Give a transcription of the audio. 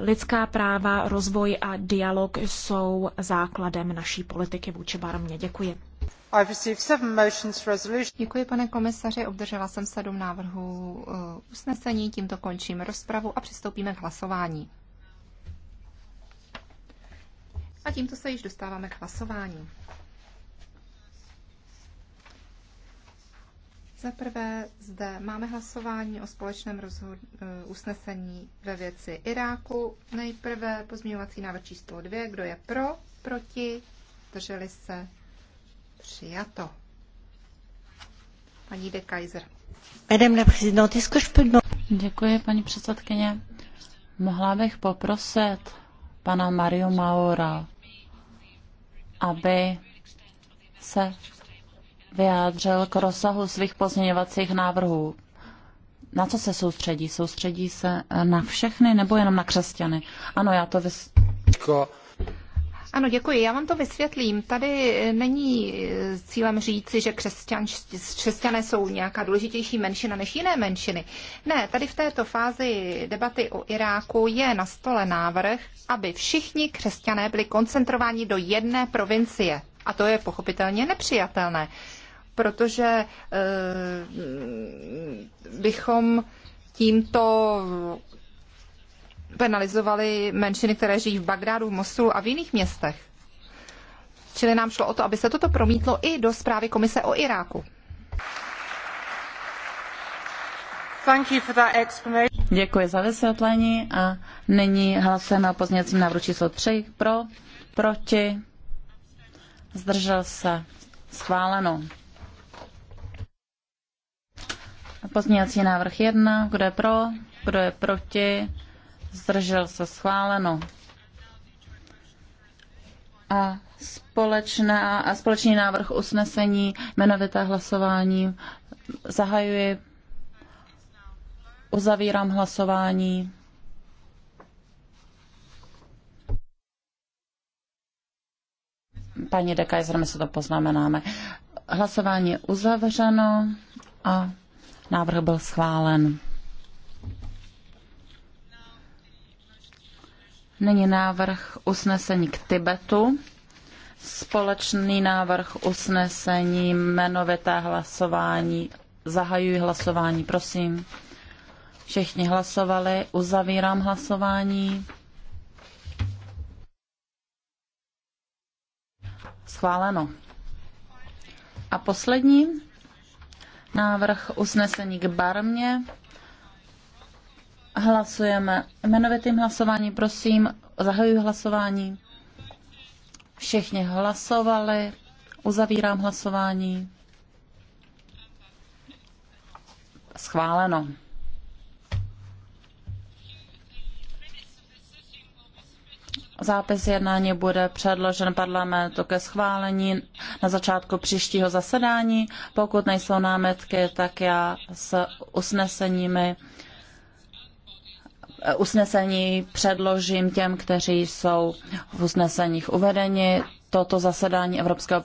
Lidská práva, rozvoj a dialog jsou základem naší politiky vůči Barmě. Děkuji. Děkuji, pane komisaři. Obdržela jsem sedm návrhů uh, usnesení. Tímto končím rozpravu a přistoupíme k hlasování. A tímto se již dostáváme k hlasování. Za prvé zde máme hlasování o společném rozhod- eh, usnesení ve věci Iráku. Nejprve pozměňovací návrh číslo 2. Kdo je pro, proti, drželi se, přijato. Paní de Kaiser. Děkuji, paní předsedkyně. Mohla bych poprosit pana Mario Maura, aby se vyjádřil k rozsahu svých pozměňovacích návrhů. Na co se soustředí? Soustředí se na všechny nebo jenom na křesťany? Ano, já to vys... Ano, děkuji. Já vám to vysvětlím. Tady není cílem říci, že křesťan, křesťané jsou nějaká důležitější menšina než jiné menšiny. Ne, tady v této fázi debaty o Iráku je na stole návrh, aby všichni křesťané byli koncentrováni do jedné provincie. A to je pochopitelně nepřijatelné protože eh, bychom tímto penalizovali menšiny, které žijí v Bagdádu, v Mosulu a v jiných městech. Čili nám šlo o to, aby se toto promítlo i do zprávy komise o Iráku. Děkuji za vysvětlení a nyní hlasujeme o pozměňovacím návrhu číslo 3. Pro, proti, zdržel se, schváleno. Pozměňovací návrh 1. Kdo je pro? Kdo je proti? Zdržel se schváleno. A, společná, a společný návrh usnesení jmenovité hlasování zahajuji. Uzavírám hlasování. Paní Dekajzer, my se to poznamenáme. Hlasování je uzavřeno a Návrh byl schválen. Nyní návrh usnesení k Tibetu. Společný návrh usnesení, jmenovité hlasování. Zahajuji hlasování, prosím. Všichni hlasovali, uzavírám hlasování. Schváleno. A poslední návrh usnesení k Barmě. Hlasujeme jmenovitým hlasováním, prosím. Zahajuji hlasování. Všichni hlasovali. Uzavírám hlasování. Schváleno. Zápis jednání bude předložen parlamentu ke schválení na začátku příštího zasedání. Pokud nejsou námetky, tak já s usneseními eh, usnesení předložím těm, kteří jsou v usneseních uvedeni. Toto zasedání Evropského